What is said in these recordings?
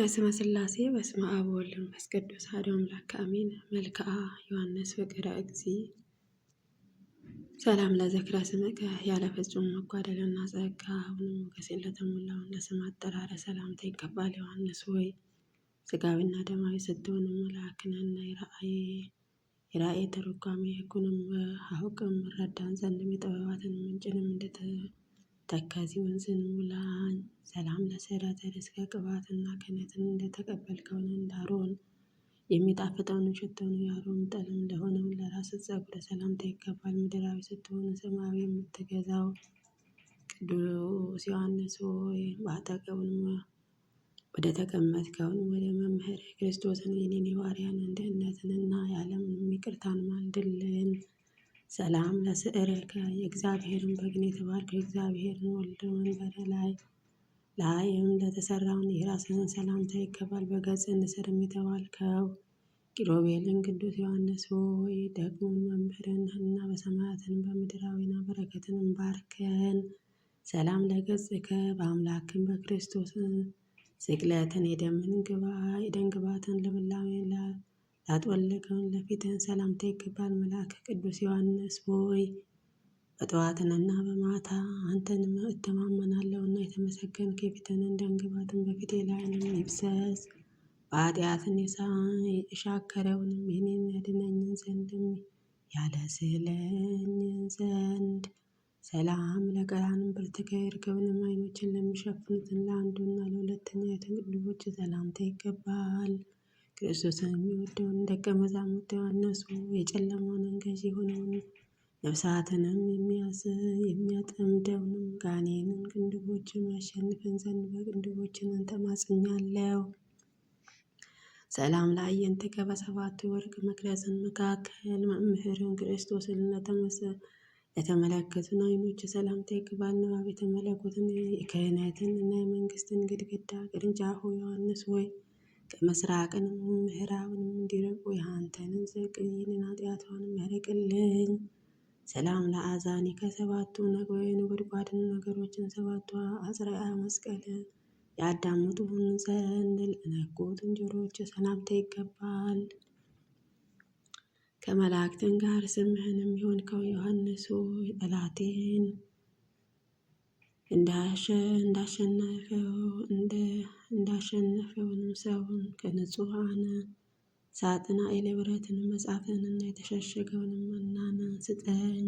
በስመ ስላሴ በስመ አብ ወወልድ ወመንፈስ ቅዱስ አሐዱ አምላክ አሜን። መልክዓ ዮሐንስ ፍቅረ እግዚ ሰላም ለዝክረ ስምከ ያለ ፍጹም መጓደልና ጸጋ አሁን ሞገሴን ለተሞላው ለስም አጠራረ ሰላምታ ይገባል። ዮሐንስ ሆይ ስጋዊና ደማዊ ስትሆን መላእክንና የራእይ የራእይ ተርጓሚ ሕጉንም አውቅም ረዳን ዘንድም የጥበባትን ምንጭንም ተከዚ ወንዝን ሙላን ሰላም ለሰረተ ርእስከ ቅባትና ክህነትን ከሆነ እንዳሮን የሚጣፍጠውን ሽቶን የአሮን ጠል እንደሆነው ለራስ ፀጉር ሰላምታ ይገባል። ምድራዊ ስትሆን ሰማያዊ የምትገዛው ቅዱስ ዮሐንስ ሆይ በአጠገቡን ወደ ተቀመጥከውን ወደ መምህር ክርስቶስን የኔን የባሪያን አንድነትንና የዓለምን ይቅርታን ማልድልን። ሰላም ለስዕርልከ የእግዚአብሔርን በግን የተባርከ እግዚአብሔርን ወልድ መንበረ ላይ ለአይም ለተሰራውን የራስን ሰላምታ ይከባል። በገጽ ንስርም የተባልከው ኪሮቤልን ቅዱስ ዮሐንስ ሆይ ደግሞ መምህርን እና በሰማያትን በምድራዊና በረከትን እንባርከን። ሰላም ለገጽከ በአምላክን በክርስቶስ ስቅለትን የደምን ግባ የደንግባትን ልምላሜ ላጥወለገውን ለፊትህን ሰላምታ ይገባል። መልአከ ቅዱስ ዮሐንስ ሆይ በጠዋትንና በማታ አንተን እና የተመሰገንክ የፊትህን እንደንግባትን እንቅባትን በፊቴ ላይንም ይብሰስ በኃጢአትን የሻከረውንም ይህንን ያድነኝን ዘንድም ያለ ስለኝን ዘንድ ሰላም ለቀራንም ብርትከ እርግብንም አይኖችን ለሚሸፍኑትን ለአንዱና ለሁለተኛ የተቅድቦች ሰላምታ ይገባል። ክርስቶስን የሚወደውን ደቀ መዛሙርት ዮሐንስ የጨለማውን ገዢ የሆነውን ነፍሳትንም የሚያዝ የሚያጠምደውንም ጋኔንን ቅንድቦችን ያሸንፈን ዘንድ በቅንድቦችን እንተማጽኛለው። ሰላም ላይ ለአዕይንትከ በሰባቱ ወርቅ መቅረዝን መካከል መምህርን ክርስቶስን ለተመለከቱን ዓይኖች ሰላምታ ይግባል። ንባብ የተመለኩትን የክህነትን እና የመንግስትን ግድግዳ ቅርንጫፉ ዮሐንስ ወይ ምስራቅንም ምዕራብንም እንዲርቁ የአንተንም ጽድቅህን ኃጢአቷንም ያርቅልኝ። ሰላም ከሰባቱ ሰባቱ ጉድጓድን ነገሮችን ሰባቱ አጽርአ መስቀልን ያዳምጡን ዘንድ ለነቁ ዝንጀሮች ሰላምታ ይገባል። ከመላእክትን ጋር ስምህንም የሆንከው ዮሐንስ ሆይ ጠላቴን እንዳሸነፈው እንደ እንዳሸነፈውንም ሰውን ከንጹሐን ሳጥን አይለ ብረትን መጻፍንና የተሸሸገውንም መናን ስጠኝ።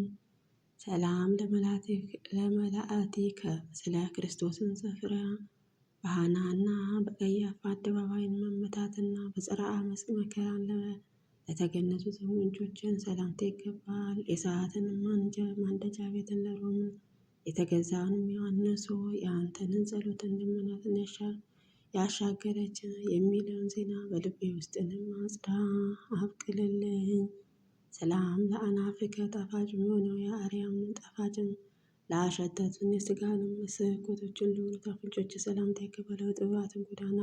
ሰላም ለመላእቲከ ስለ ክርስቶስን ስፍራ በሃናና በቀያፋ አደባባይን መመታትና በጽርአ መስቅ መከራን ለተገነዙት ወንጆችን ሰላምታ ይገባል። የሰዓትን ማንጃ ማንደጃ ቤትን ለሮም የተገዛንም ዮሐንስ ሆይ የአንተንን ጸሎትን ልመናትን ያሻገረች የሚለውን ዜና በልቤ ውስጥንም አጽዳ አብቅልልኝ። ሰላም ለአናፍከ ጣፋጭ የሆነው የአርያም ጣፋጭን ለአሸተቱን የስጋንም ስርቆቶችን ለሆኑ ታፍንጮች ሰላምታ ይገባል። በጥበባትን ጎዳና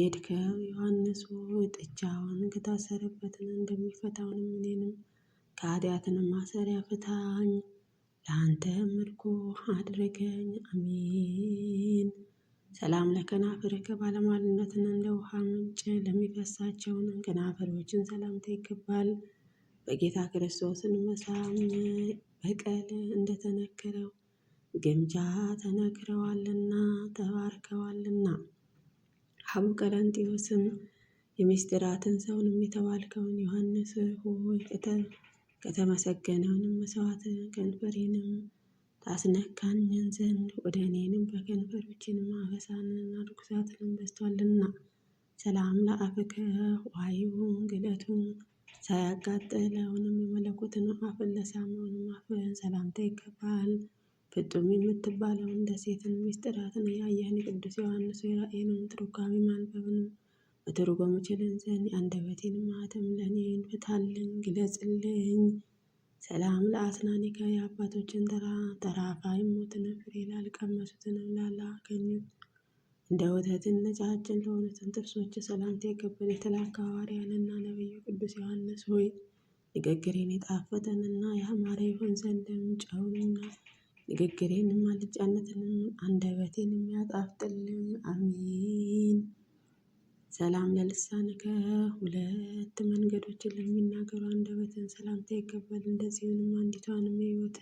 የድከብ ዮሐንስ ሆይ ጥጃውን ከታሰረበትን እንደሚፈታውንም እኔንም ከኃጢአትንም ማሰሪያ ፍታኝ። ለአንተ ምርኮ አድርገኝ አሜን። ሰላም ለከናፍርህ ባለሟልነትን እንደ ውሃ ምንጭ ለሚፈሳቸውን ከናፍሮችን ሰላምታ ይገባል። በጌታ ክርስቶስን መሳም በቀል እንደተነከረው ግምጃ ተነክረዋልና ተባርከዋልና። አቡ ቀለንጢዮስም የሚስጢራትን ሰውን የተባልከውን ዮሐንስ ሆይ ከተመሰገነውንም መስዋዕት ከንፈሬንም ታስነካኝን ዘንድ ወደ እኔንም በከንፈሮችንም አበሳንን ርኩሳትንም በዝቷልና። ሰላም ለአፍከ ዋዩ ግለቱ ሳያጋጠለውንም የመለኮትን አፍን ለሳመውንም አፍን ሰላምታ ይገባል። ፍጡም የምትባለውን ደሴትን ምስጢራትን ያየህን ቅዱስ ዮሐንስ የራእይንም ትርጓሜ ማንበብን በትርጉሙ ችልን ዘንድ አንደበቴን ማኅተም ለኔን ፍታልኝ ግለጽልኝ። ሰላም ለአስናኒከ የአባቶችን ተራ ተራፋ የሞትን ፍሬ ላልቀመሱትንም ላላገኙት እንደ ወተትን ነጫጭን ለሆኑትን ጥርሶች ሰላምታ የገባል የተላከ ሐዋርያንና ነቢዩ ቅዱስ ዮሐንስ ሆይ ንግግሬን የጣፈጠንና የአማረ ይሆን ዘንድም ጨውንና ንግግሬንም አልጫነትንም አንደበቴን የሚያጣፍጥልን አሜን። ሰላም ለልሳንከ ሁለት መንገዶችን ለሚናገሩ አንደበትን ሰላምታ ይገባል። እንደዚሁንም አንዲቷንም የሕይወት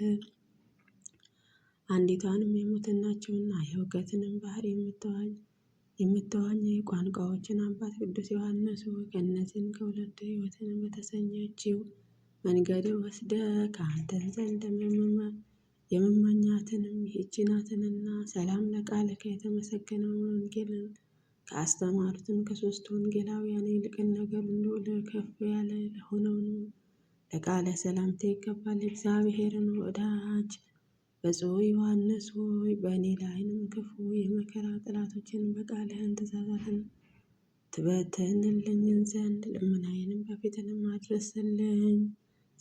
አንዲቷንም የሞትን ናቸውና የእውቀትንም ባህር የምትዋኝ የምታዋኝ ቋንቋዎችን አባት ቅዱስ ዮሐንስ ከእነዚህም ከሁለቱ ሕይወትን በተሰኘችው መንገድ ወስደ ከአንተን ዘንድ የመመኛትንም ይህችናትንና ናትንና ሰላም ለቃልከ የተመሰገነውን ወንጌልን ከአስተማሩትም ከሶስት ወንጌላውያን ይልቅ ነገር ሁሉ ከፍ ያለ ለሆነው ለቃለ ሰላምታ ይገባል። እግዚአብሔርን ወዳጅ ብፁዕ ዮሐንስ ሆይ በእኔ ላይንም ክፉ የመከራ ጠላቶችን በቃልህን ትእዛዛትን ትበትንልኝን ዘንድ ልመናዬንም በፊትንም አድረስልኝ።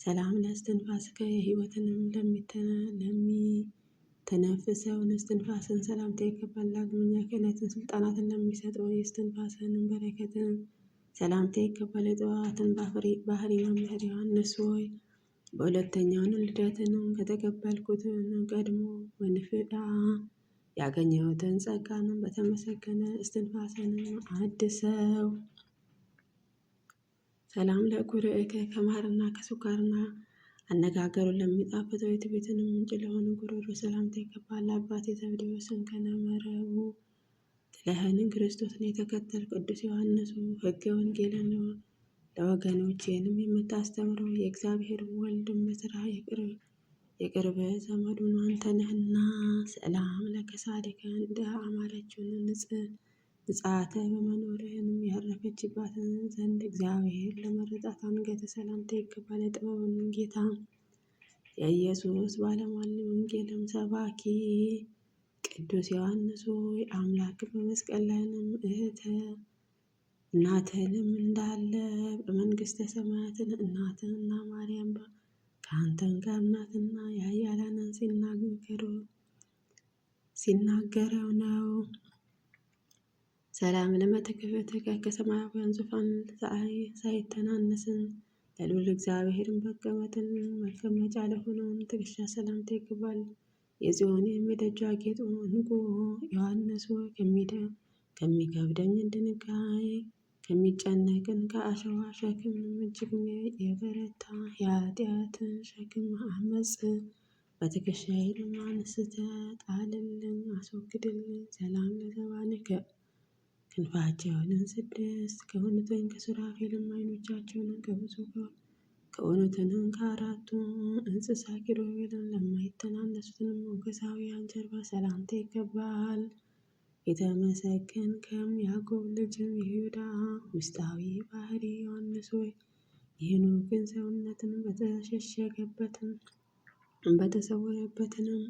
ሰላም ለእስትንፋስከ የህይወትንም ለሚተነ ለሚ ተነፍሰው እስትንፋስን ሰላምታ ይገባል። ዳግመኛ ክህነትን ስልጣናትን ለሚሰጠው የእስትንፋስንም በረከትን ሰላምታ ይገባል። የጥበባትን ባህሪ መምህር ዮሐንስ ሆይ በሁለተኛውን ልደትንም ከተቀበልኩትን ቀድሞ ወንፍዳ ያገኘሁትን ጸጋንም በተመሰገነ እስትንፋስንም አድሰው። ሰላም ለኩርእከ ከማርና ከሱካርና አነጋገሩ ለሚጣፍጠው የትዕቢትንም ምንጭ ለሆነ ጉሮሮ ሰላምታ ይገባል። አባቴ ዘብዴዎስን ከነመረቡ ጥለኸንን ክርስቶስን የተከተል ቅዱስ ዮሐንስ ሕገ ወንጌልን ለወገኖቼንም የምታስተምረው የእግዚአብሔር ወልድን በስራ የቅርብ ዘመዱን አንተ ነህና። ሰላም ለከሳድከን እንደ አማረችውን ንጽህ ምጽአተ በመኖርህንም ያረፈችባትን ዘንድ እግዚአብሔር ለመረጣት አንገተ ሰላምታ ይገባል። የጥበብን ጌታ የኢየሱስ ባለሟል ወንጌልም ሰባኪ ቅዱስ ዮሐንስ ሆይ አምላክ በመስቀል ላይንም እህተ እናትህንም እንዳለ በመንግሥተ ሰማያትን እናትህና ማርያም ከአንተም ጋር ናትና የኃያላንን ሲናገረው ሲናገረው ነው። ሰላም በተከፈተ ሰማያውያን ዙፋን ሳይተናነስን ለልዑል እግዚአብሔርን መቀመጥን መቀመጫ ለሆነውን ትከሻ ሰላምታ ይገባል። የጽዮን የሚደጃ ጌጥ እንቁ ዮሐንስ ከሚደ ከሚከብደኝ ድንጋይ ከሚጨነቅን ከአሸዋ ሸክም እጅግ የበረታ የኃጢአትን ሸክም አመፅ በትከሻዬ አንስተህ ጣልልን አስወግድልን ሰላም ለዘባንከ ክንፋቸውንም ስድስት ከሁለቱም ከሱራፌልም ዓይኖቻቸውን ከብዙ ከሆኑትንም ከአራቱ እንስሳ ኪሩቤልን ለማይተናነሱትን ሞገሳውያን ጀርባ ሰላምታ ይገባል። የተመሰገንከም ያዕቆብ ልጅም የይሁዳ ውስጣዊ ባህሪ ዮሐንስ ወይ ይህኑ ግን ሰውነትን በተሸሸገበትም በተሰወረበትንም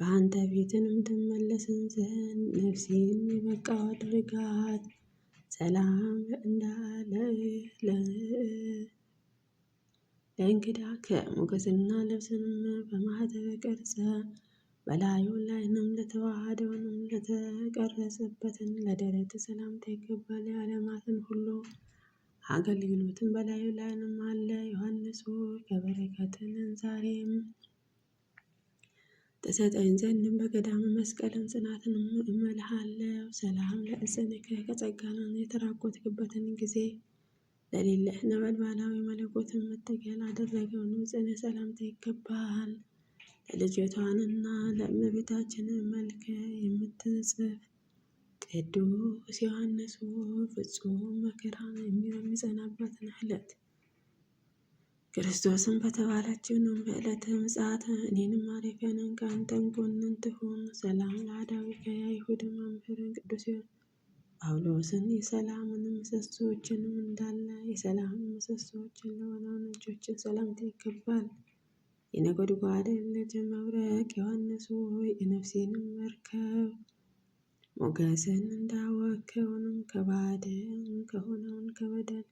በአንተ ፊትን ትመለስን ዘንድ ነፍሴን የበቃ አድርጋት። ሰላም እንዳለ ለእንግዳ ከሞገስና ልብስንም በማህተበ ቀርጸ በላዩ ላይንም ለተዋሃደውንም ለተቀረጸበትን ለደረት ሰላምታ ይገባል። የዓለማትን ሁሉ አገልግሎትን በላዩ ላይንም አለ። ዮሐንስ ሆይ ከበረከትን ዛሬም ተሰጠኝ ዘንድ በገዳመ መስቀልም ጽናትን እመልሃለሁ። ሰላም ለእስንከ ከጸጋና የተራቆትክበትን ጊዜ ለሌለህ ነበልባላዊ መለኮትን መጠጊያ አደረገው ጽንዕ ሰላምታ ይገባሃል። ለልጅቷንና ለእመቤታችን መልክ የምትጽፍ ቅዱስ ዮሐንስ ፍጹም መከራን የሚጸናበትን ዕለት ክርስቶስን በተባለችው ነው በዕለተ ምጽአት እኔንም ማረፊያንን ከአንተም ጎንን ትሁን። ሰላም ለአዳዊ የአይሁድ መምህርን ቅዱስ ጳውሎስን የሰላምንም ምሰሶዎችንም እንዳለ የሰላም ምሰሶዎችን ለሆነው ነጆችን ሰላምታ ይገባል። የነጎድጓድ ልጅ መብረቅ ዮሐንስ ሆይ የነፍሴንም መርከብ ሞገስን እንዳወከውንም ከባድን ከሆነውን ከበደል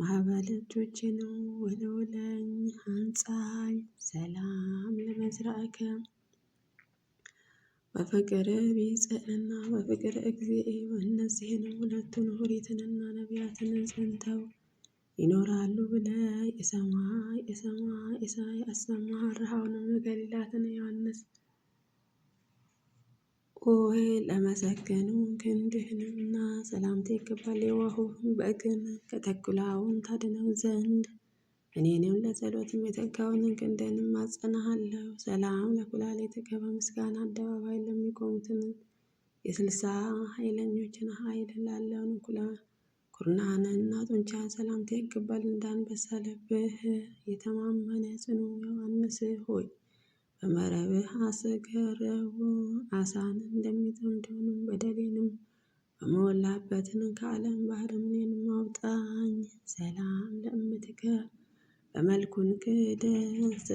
ማዕበሎቹ ነው ወለወለኝ አንጻኝ ሰላም ለመዝራእከ በፍቅር ቢጽዕና በፍቅር እግዚእ እነዚህን ሁለቱን ኦሪትንና ነቢያትን ጸንተው ይኖራሉ ብለ የሰማ የሰማ የሰማ ያሰማራሃውን ገሊላትን ዮሐንስ ኦሆ ለመሰገኑ ክንድህንና ሰላምታ ይገባል። የዋሁን በግን ከተኩላውን ታድነው ዘንድ እኔንም ለጸሎትም የተጋውን ክንድህንም አጸናሃለሁ። ሰላም ለኩላሊት የተገበ ምስጋና አደባባይ ለሚቆሙትን የስልሳ ኃይለኞችን ኃይል ላለውን ኩላ ኩርናንና ጡንቻ ሰላምታ ይገባል። እንዳንበሳ ልብህ የተማመነ ጽኑ ዮሐንስ ሆይ በመረብህ አስገረው አሳን እንደሚጠምደውንም በደሌንም በሞላበትን ከዓለም ባህር እኔንም አውጣኝ። ሰላም ለእምትከ በመልኩን ክደስ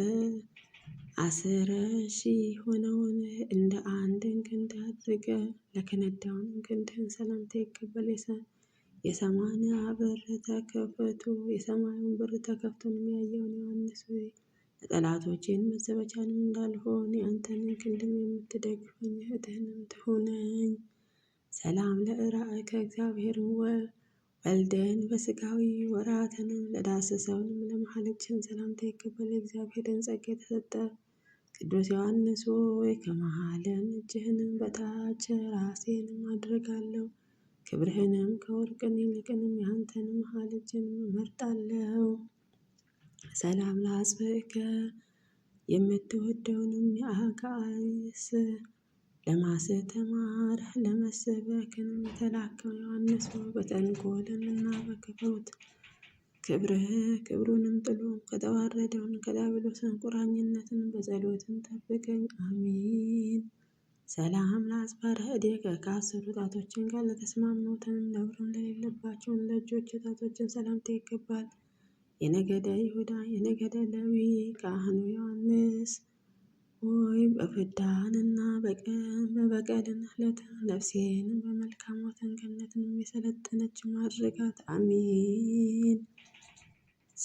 አስረሺ ሆነውን እንደ አንድን ክንድ አድርገ ለከነዳውን ክንድህን ሰላምታ ይቀበል የሰማን በር ተከፈቱ የሰማዩን ብር ተከፍቶ የሚያየውን ዮሐንስ ሆይ ጠላቶቼን መዘበቻን እንዳልሆን የአንተንን ክንድም የምትደግፈኝ እህትህንም ትሁነኝ። ሰላም ለእራእከ እግዚአብሔር ወልደን በስጋዊ ወራተንም ለዳሰሰውንም ለመሐልችን ሰላምታ ይገባል። እግዚአብሔርን ጸጋ የተሰጠ ቅዱስ ዮሐንስ ሆይ ከመሃልን እጅህንም በታች ራሴንም አድርጋለሁ። ክብርህንም ከወርቅን ይልቅንም ያንተን መሐልጅን እመርጣለሁ። ሰላም ለአጽብዕከ የምትወደውንም የአጋዕስ ለማስተማር ለመሰበክን የተላከው ዮሐንስ እና በክፉት ክብርህ ክብሩንም ጥሎ ከተዋረደውን ከዲያብሎስን ቁራኝነትን በጸሎትን ጠብቀኝ። አሚን። ሰላም ለአጽባረ እዴከ ከአስሩ ጣቶችን ጋር ለተስማሙትን ነውርም ለሌለባቸውን ለእጆች ጣቶችን ሰላምታ ይገባል። የነገደ ይሁዳ የነገደ ለዊ ካህኑ ዮሐንስ ሆይ በፍዳንና በቀን በበቀልን ህለት ነፍሴን ወተን ተንገነትን የሰለጠነች ማድረጋት አሚን።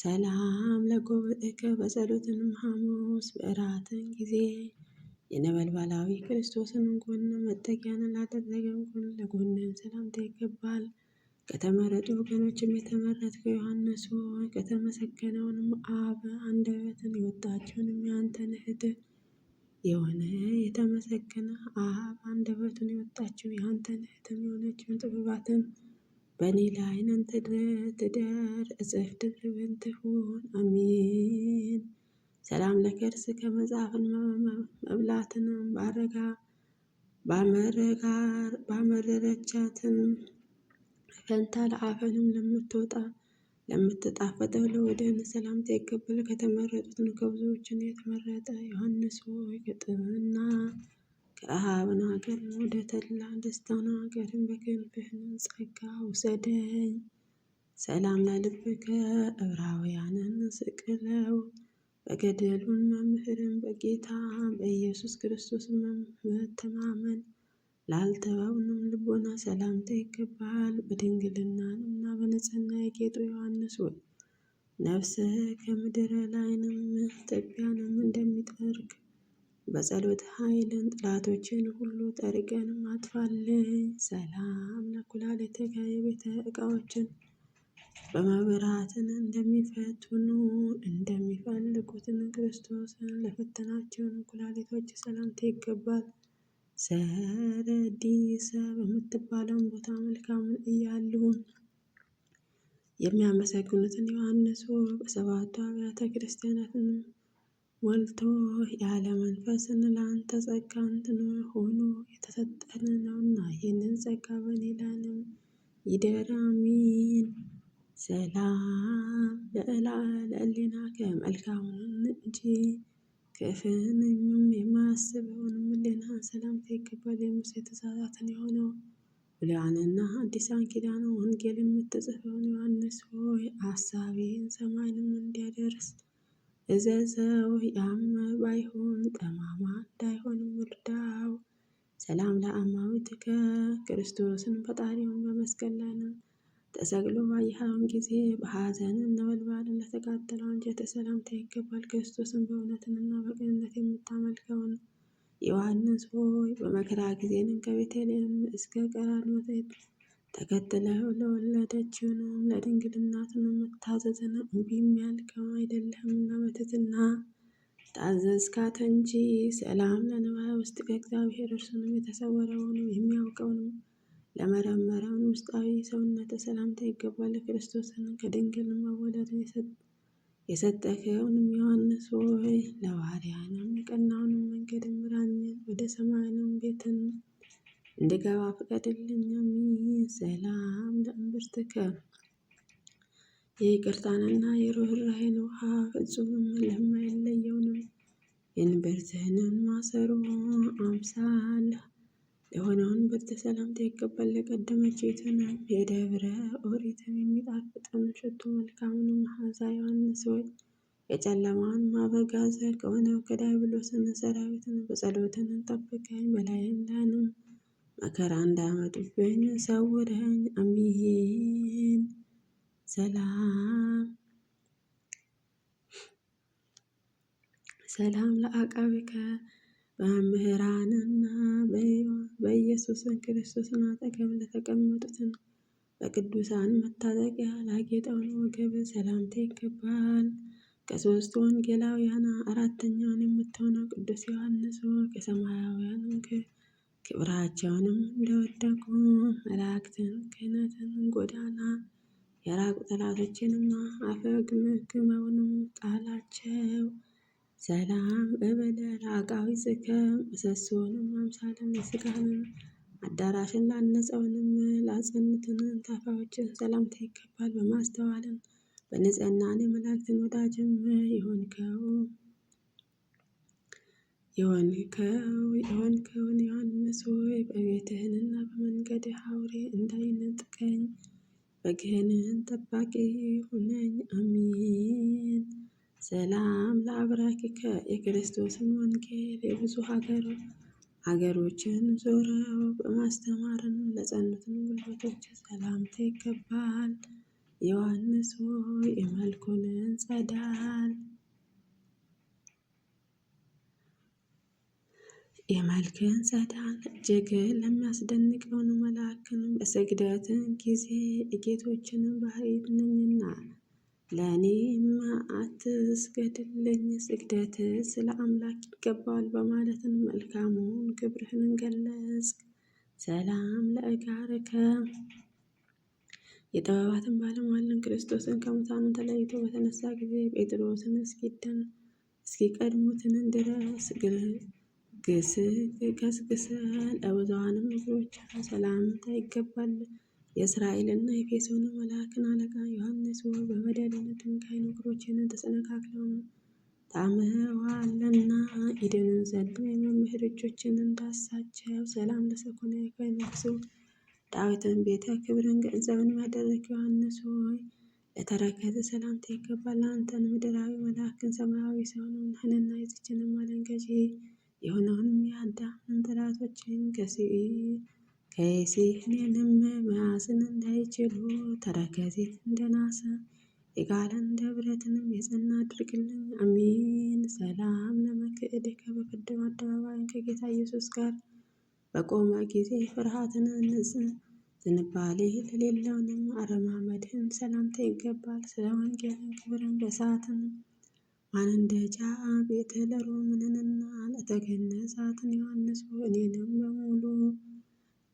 ሰላም ለጉባኤከ በጸሎትን ሐሙስ በእራትን ጊዜ የነበልባላዊ ክርስቶስን ጎን መጠጊያን ላደረገን ጎን ለጎንን ሰላምታ ይገባል። ከተመረጡ ወገኖችም የተመረጥከው ዮሐንስ ሆይ ከተመሰገነውንም አብ አንደበትን የወጣችውንም የአንተን እህት የሆነ የተመሰገነ አብ አንደበትን የወጣችው የአንተን እህትም የሆነችውን ጥበባትን በእኔ ላይ ነንተ ትደር እጽፍ ድርብን ትሁን። አሚን። ሰላም ለከርስ ከመጽሐፍን መብላትንም ባረጋ ባመረጋር ባመረረቻትም ፈንታ ለአፈንም ለምትወጣ ለምትጣፈጠው ለወደን ሰላምታ ይገባል። ከተመረጡት ነው ከብዙዎችን የተመረጠ ዮሐንስ ወይ ከጥምና ከረሃብን ሀገር ወደ ተድላ ደስታን ሀገርን በክንፍህን ጸጋ ውሰደኝ። ሰላም ለልብከ ዕብራውያንን ስቅለው በገደሉን መምህርን በጌታ በኢየሱስ ክርስቶስ መተማመን ላልተባብንም ልቦና ሰላምታ ይገባሃል። በድንግልናና በንጽህና የጌጡ ዮሐንስ ወይ ነፍስህ ከምድረ ላይንም ትቢያንም እንደሚጠርግ በጸሎት ኃይልን ጥላቶችን ሁሉ ጠርገን ማጥፋልን። ሰላም ለኩላሊት የቤተ እቃዎችን በመብራትን እንደሚፈትኑ እንደሚፈልጉትን ክርስቶስን ለፈተናቸውን ኩላሊቶች ሰላምታ ይገባል። ሰረዲስ በምትባለውን ቦታ መልካምን እያሉ የሚያመሰግኑትን ዮሐንስ በሰባቱ አብያተ ክርስቲያናትን ሞልቶ ያለ መንፈስን ለአንተ ጸጋን ሆኖ የተሰጠን ነውና ይህንን ጸጋ በሌላንም ይደር አሜን። ሰላም ለእላ ለእሊና ከመልካሙን እንጂ ክፉንም የማያስብ ሰላምታ ይገባል የሙሴ ትእዛዛትን የሆነው ብሉያንና አዲሳን ኪዳን ወንጌል የምትጽፈውን ዮሐንስ ሆይ አሳቢን ሰማይንም እንዲያደርስ እዘዘው። ያም ባይሆን ጠማማ እንዳይሆን እርዳው። ሰላም ለአማዊትከ ክርስቶስን ፈጣሪውን በመስቀል ላይ ነው ተሰቅሎ ባየኸውን ጊዜ በሐዘን ነበልባል ለተቃጠለው አንጀት ሰላምታ ይገባል። ክርስቶስን በእውነትንና በቅንነት የምታመልከውን ዮሐንስ ሆይ በመከራ ጊዜ ከቤተልሔም እስከ ቀራንዮ ድረስ ተከትለህ ለወለደችውንም ለድንግል እናቱንም መታዘዝን እምቢ የሚያልከው አይደለህምና በትሕትና ታዘዝካት እንጂ። ሰላም ለንባብ ውስጥ ከእግዚአብሔር እርሱንም የተሰወረውንም የሚያውቀውንም ለመረመረውን ውስጣዊ ሰውነት ሰላምታ ይገባል። ክርስቶስን ከድንግል መወለድን የሰጠ የሰጠኸውንም ዮሐንስ ሆይ ለባሪያህም ቀናውንም መንገድ ምራኝ፣ ወደ ሰማያዊም ቤትን እንድገባ ፍቀድልኝ። አሜን። ሰላም ለእምብርትከ የይቅርታንና የርኅራኄን ውሃ ፍጹምም ለማይለየውንም የእንብርትህንም ማሰሮ አምሳል የሆነውን ሰላምታ ይገባል። ለቀደመች ለቀደመችይቱን የደብረ ኦሪትን የሚጣፍጠውን ሽቱ መልካሙን መዓዛ ዮሐንስ ሆይ የጨለማውን ማበጋዘ ከሆነው ከዲያብሎስን ሰራዊትን በጸሎትን ጠብቀኝ፣ በላይም ላይንም መከራ እንዳመጡብኝ ሰውረኝ። አሜን። ሰላም ሰላም ለአቃብከ በመምህራንና በኢየሱስ ክርስቶስን አጠገብ ለተቀመጡትን በቅዱሳን መታጠቂያ ላጌጠውን ወገብ ሰላምታ ይገባል። ከሶስት ወንጌላውያን አራተኛውን የምትሆነው ቅዱስ ዮሐንስ ሆይ ከሰማያውያን ክብራቸውንም እንደወደቁ መላእክትን ክህነትን ጎዳና የራቁ ጠላቶችንማ አፈግምግመውንም ጣላቸው። ሰላም እበለ ለአቃዊ ዝከም እሰሶንም አምሳለም የስጋህንም አዳራሽን ላነጸውንም ላጸኑትንም ታፋዎችን ሰላምታ ይገባል። በማስተዋልም በንጽህናን የመላእክትን ወዳጅም ይሆንከው የሆንከው የሆንከውን ዮሐንስ ሆይ በቤትህንና በመንገድ አውሬ እንዳይነጥቀኝ በግህንን ጠባቂ ሁነኝ። አሚን ሰላም ለአብራኪከ የክርስቶስን ወንጌል የብዙ ሀገር ሀገሮችን ዞረው በማስተማርን ለጸኑትን ጉልበቶች ሰላምታ ይገባል። ዮሐንስ ሆይ የመልኩንን ጸዳል የመልክን ጸዳል እጅግ ለሚያስደንቀውን መልአክን በስግደትን ጊዜ እጌቶችን ባህሪ ነኝና ለእኔማ አትስገድልኝ ስግደት ስለ አምላክ ይገባል በማለትን መልካሙን ግብርህን ገለጽ። ሰላም ለእጋርከ የጥበባትን ባለሟልን ክርስቶስን ከሙታን ተለይቶ በተነሳ ጊዜ ጴጥሮስን እስኪደን እስኪቀድሙትንን ድረስ ግስግሰ ለብዙሃንም እግሮች ሰላምታ ይገባል። የእስራኤልና የኤፌሶኑ መልአክን አለቃ ዮሐንስ ወ በበደልነትን ከአይንክሮችን ተሰነካክለው ታምህዋለና ኢደንን ዘሉ የመምህር እጆችን እንዳሳቸው ሰላም ለሰኮነ ከመክሱ ዳዊትን ቤተ ክብርን ገንዘብን ያደረግ ዮሐንስ ሆይ ለተረከዘ ሰላምታ ይገባል። አንተን ምድራዊ መልአክን ሰማያዊ ሰሆነውን ህንና የዝችንም አለን ገዢ የሆነውንም የአዳምን ጠላቶችን ገሲ ከይሴ እኔንም መያዝን እንዳይችሉ ተረከዜት እንደናሰ የጋለ እንደ ብረትንም የጸና አድርግልኝ። አሚን። ሰላም ለመክእድከ በቀደም አደባባይን ከጌታ ኢየሱስ ጋር በቆመ ጊዜ ፍርሃትን እንጽ ዝንባሌ ለሌለውንም አረማመድህን ሰላምታ ይገባል። ስለ ወንጌልን ክብርን በሰዓትን ማንንደጃ ቤተ ለሮምንንና ለተገነዛትን ዮሐንስ እኔንም በሙሉ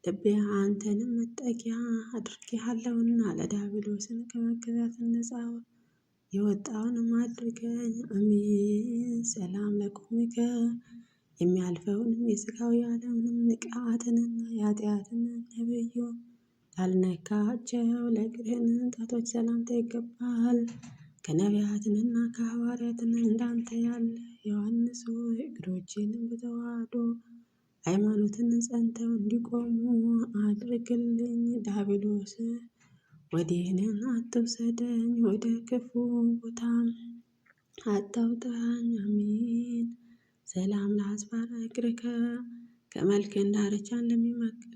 ልቤ አንተንም መጠጊያ አድርጌሃለሁና ለዲያብሎስን ከመገዛት ነፃ የወጣውንም አድርገኝ። አሜን። ሰላም ለቁሚከ የሚያልፈውንም የስጋዊ ዓለምንም ንቃትንና የኃጢአትን ነብዩ ላልነካቸው ለእግርህን ጣቶች ሰላምታ ይገባል። ከነቢያትንና ከሐዋርያትን እንዳንተ ያለ ዮሐንስ ሆይ እግሮቼንም በተዋህዶ ሃይማኖትን ጸንተው እንዲቆሙ አድርግልኝ። ዳብሎስ ወዴንን አትውሰደኝ፣ ወደ ክፉ ቦታ አታውጣኝ። አሜን። ሰላም ለአጽባረ እግርከ ዳርቻን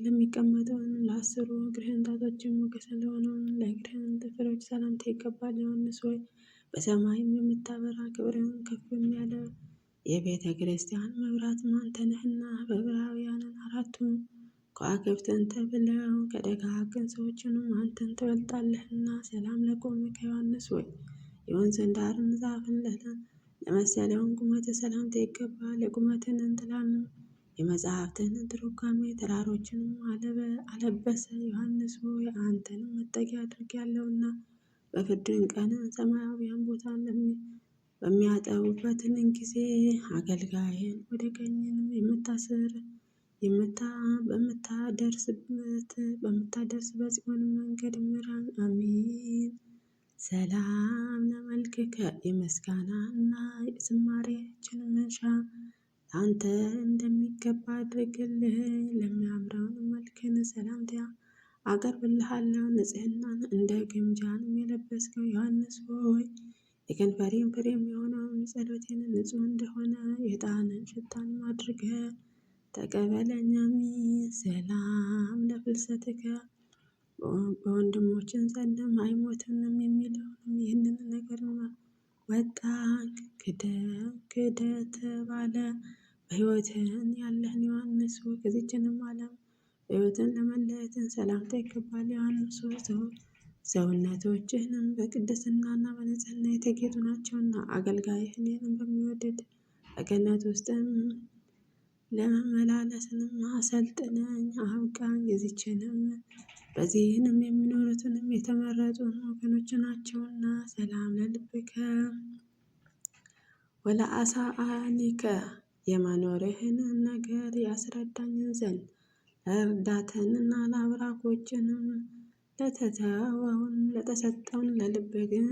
ለሚቀመጠውን ለአስሩ እግርህን ጣቶችን ሞገስ ለሆነውን ለእግርህን ጥፍሮች ሰላምታ ይገባል። ዮሐንስ ሆይ በሰማይም የምታበራ ክብርህን ከፍ የሚያደርግ የቤተ ክርስቲያን መብራት አንተ ነህና በዕብራውያንን አራቱ ከዋክብትን ተብለው ከደጋግን ሰዎችን አንተን ትበልጣለህና ሰላም ለቆመ ከዮሐንስ ወይ የወንዝን ዳርን ዛፍን ለመሰለውን ቁመት ሰላምታ ይገባል። የቁመትን እንትላን የመጽሐፍትን ትርጓሜ ተራሮችን አለበሰ። ዮሐንስ ሆይ አንተንም መጠጊያ አድርጌያለሁና በፍርድን ቀን ሰማያዊያን ቦታ ። በሚያጠቡበትን ጊዜ አገልጋይን ወደ ቀኝንም የምታስር የምታ በምታደርስበት በምታደርስ መንገድ ምራን። አሚን ሰላም ለመልክከ የምስጋና እና የዝማሬያችን መሻ አንተ እንደሚገባ አድርግልህ። ለሚያምረውን መልክን ሰላምታ አቀርብልሃለሁ። ንጽህናን እንደ ግምጃን የለበስከው ዮሐንስ ሆይ የከንፈሬን ፍሬ የሚሆነውን ጸሎቴን ንጹሕ እንደሆነ የዕጣንን ሽታን አድርገ ተቀበለኝ አሜን። ሰላም ለፍልሰትከ በወንድሞችን ጸለም አይሞትንም የሚለውንም ይህንን ነገር ወጣ ክደ ክደ ተባለ በሕይወትን ያለህን ዮሐንስ ሆይ ከዚችንም ዓለም በሕይወትን ለመለየትን ሰላምታ ይገባል። ዮሐንስ ሰው ሰውነቶችህንም በቅድስናና በንጽህና የተጌጡ ናቸውና አገልጋይህን ይህን በሚወደድ በገነት ውስጥም ለመመላለስንም አሰልጥነኝ አብቃኝ። የዚችንም በዚህንም የሚኖሩትንም የተመረጡ ወገኖች ናቸውና ሰላም ለልብከ ወለአሳአኒከ የመኖርህንን ነገር ያስረዳኝ ዘንድ እርዳተንና ለአብራኮችንም ለተተወውን ለተሰጠውን ለልብ ግን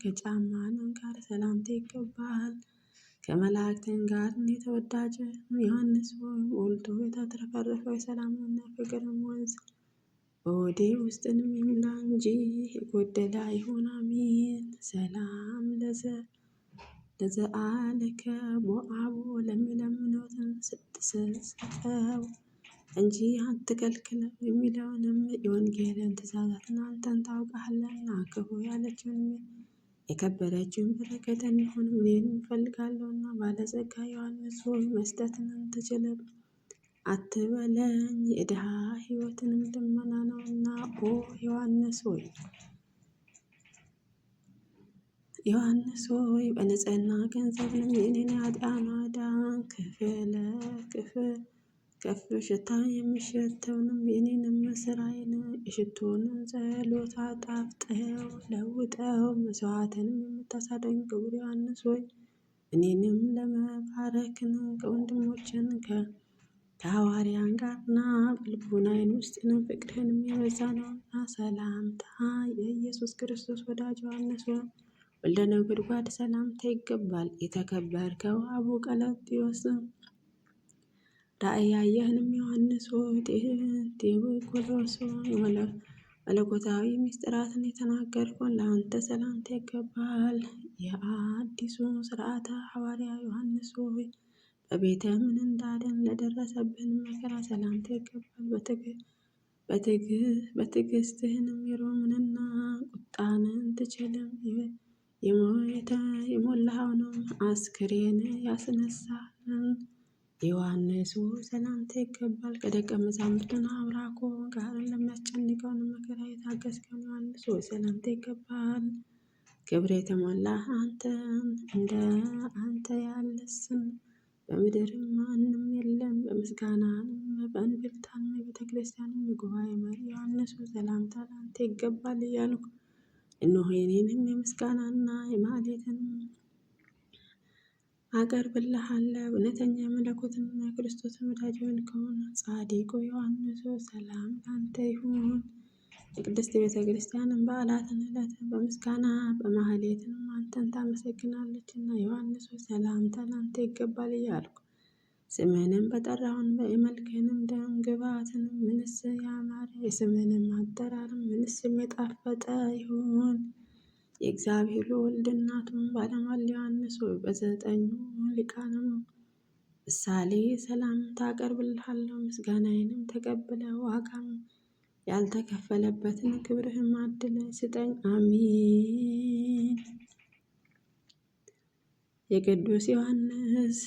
ከጫማንም ጋር ሰላምታ ይገባል። ከመላእክትን ጋር የተወዳጀ ዮሐንስ ሆይ ወልዶ የተትረፈረፈው የሰላምና ፍቅርም ወንዝ በወዴ ውስጥንም ይሙላ እንጂ የጎደለ አይሁን። አሜን። ሰላም ለዘ ለዘአለከ ቦአቦ ለሚለምኑትን ስትሰጠው እንጂ አትከልክል የሚለውንም የወንጌልን ትእዛዛትን አንተን ታውቃለህና ክፉ ያለችውን የከበረችውን በረከት እንዲሆን እኔን እና ባለጸጋ ዮሐንስ ሆይ መስጠትን አትችልም አትበለኝ፣ የድሃ ህይወትንም ልመና እና ኦ ዮሐንስ ሆይ ዮሐንስ ሆይ በንጽህና ገንዘብንም የኔን ኃጢአት ማዳን ክፍለ ክፍል ከፍ ሽታ የሚሸተውንም የኔንም አይን የሽቶን ጸሎት አጣፍጠው ለውጠው መስዋዕትንም የምታሳደኝ ክቡር ዮሐንስ ሆይ እኔንም ለመባረክ ነው። ከወንድሞችን ከሐዋርያን ጋርና በልቦናዬን ውስጥንም ፍቅርህንም የበዛ ነውና ሰላምታ የኢየሱስ ክርስቶስ ወዳጅ ዮሐንስ ሆይ ወልደ ነጎድጓድ ሰላምታ ይገባል። የተከበርከው አቡቀለጥዮስ ራእይ ዮሐንስ ሆይ ቴዎድሮስ መለኮታዊ ምስጢራትን የተናገርኩን ለአንተ ሰላምታ ይገባል። የአዲሱ ስርዓተ ሐዋርያ ዮሐንስ ሆይ በቤተ ምን እንዳደን ለደረሰብን መከራ ሰላምታ ይገባል። በትዕግስትህንም የሮምንና ቁጣንን ትችልም የሞላኸውንም አስክሬን ያስነሳልን ዮሐንስ ሰላምታ ይገባል። ከደቀ መዛሙርቱና አብራኮ ጋር ለሚያስጨንቀውን መከራ የታገስከን ዮሐንስ ሆይ ሰላምታ ይገባል። ክብር የተሞላ አንተ እንደ አንተ ያለ ስም በምድርም ማንም የለም። በምስጋናንም በእንብልታም የቤተ ክርስቲያንም የጉባኤ መሪ ዮሐንስ ሆይ ሰላምታ ላንተ ይገባል እያልኩ እነሆ የኔንም የምስጋናና የማህሌትንም አቀርብልሃለሁ። እውነተኛ መለኮትና ክርስቶስ ወዳጅ ሆን ከሆነ ጻድቁ ዮሐንስ ሰላም ላንተ ይሁን። የቅድስት ቤተ ክርስቲያንን በዓላትን ዕለት በምስጋና በማህሌትንም አንተን ታመሰግናለች እና ዮሐንስ ሰላም ላንተ ይገባል እያልኩ ስምህንም በጠራሁን በመልክህንም ደም ግባትን ምንስ ያማረ የስምህንም አጠራርም ምንስ የጣፈጠ ይሁን። የእግዚአብሔር ወልድ እናቱም ባለሟል ዮሐንስ ሆይ በዘጠኙ ሊቃንም ምሳሌ ሰላምታ አቀርብልሃለሁ። ምስጋናዬንም ተቀብለ ዋጋም ያልተከፈለበትን ክብርህም አድለ ስጠኝ። አሚን። የቅዱስ ዮሐንስ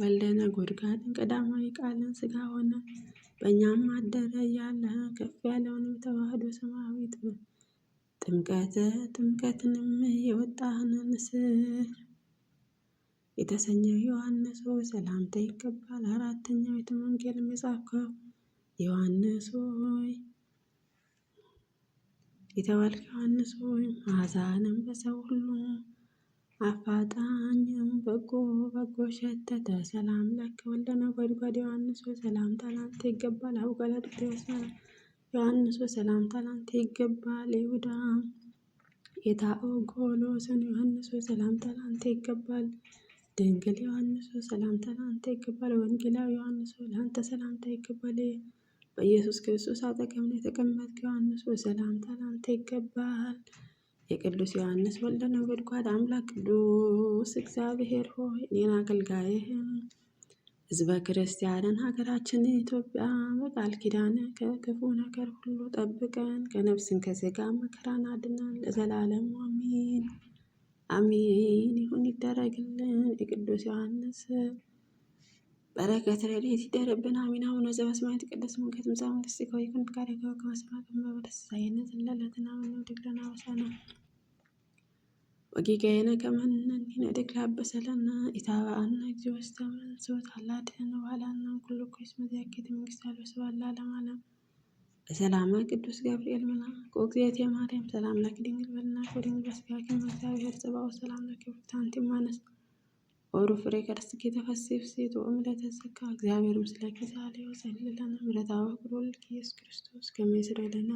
ወልደ ነጎድጓድን ቀዳማዊ ቃልን ስጋ ሆነ በእኛም አደረ እያለ ከፍ ያለውን የተዋህዶ ሰማያዊት ጥምቀት ጥምቀትንም የወጣህን ስር የተሰኘው ዮሐንስ ሆይ ሰላምታ ይገባል። አራተኛው የወንጌል የጻፍከው ዮሐንስ ሆይ የተባልክ ዮሐንስ ሆይ ማዛንም በሰው ሁሉ አፋጣኝም በጎ በጎ ሸተተ ሰላም ለከ ወልደ ነጎድጓድ ዮሐንስ ሆይ ሰላምታ ላንተ ይገባል። አቡቀለጥቴዎስ ዮሐንስ በሰላምታ ላንተ ይገባል። ይሁዳ የታኦጎሎስን ዮሐንስ በሰላምታ ላንተ ይገባል። ድንግል ዮሐንስ ሰላምታ ላንተ ይገባል። ወንጌላዊ ዮሐንስ ላንተ ሰላምታ ይገባል። በኢየሱስ ክርስቶስ አጠገብ ነው የተቀመጥክ ዮሐንስ ሰላምታ ላንተ ይገባል። የቅዱስ ዮሐንስ ወልደ ነጎድጓድ አምላክ ቅዱስ እግዚአብሔር ሆይ እኔን አገልጋይህን ህዝበ ክርስቲያንን ሀገራችን ኢትዮጵያ በቃል ኪዳን ከክፉ ነገር ሁሉ ጠብቀን ከነፍስን ከስጋ መከራን አድነን ለዘላለም አሜን አሜን ይሁን ይደረግልን። የቅዱስ ዮሐንስ በረከት ረድኤት ይደርብን። አሚን። አቡነ ዘበሰማያት ይትቀደስ ስምከ ትምጻእ መንግሥትከ ወይኩን ፈቃድከ በከመ በሰማይ በምድር ሲሳየነ ዘለለዕለትነ ሀበነ ወኅድግ ለነ ወጌጋዬነ ከመነኒ ነደግ ላበሰለነ ኢታብአነ እግዚኦ ውስተ መንሶት አላድህነ ባላና ኩሉ እኮ እስመ መንግስት አልበስ ባላ ለማለም በሰላመ ቅዱስ ገብርኤል መልአክ ወእግዚእት የማርያም ሰላም ለኪ ድንግል በልናት ወድንግል በስጋኪ እግዚአብሔር ጽባው ሰላም ለኪ ወፍታንቲ ማነስ ወሩ ፍሬ ከርስኪ ተፈሴፍ ሴት ወእም ለተዘካ እግዚአብሔር ምስለኪ ዛሌ ወጸልለነ ምረታዊ ክሮልክ ኢየሱስ ክርስቶስ ከመ ይስረይ ለነ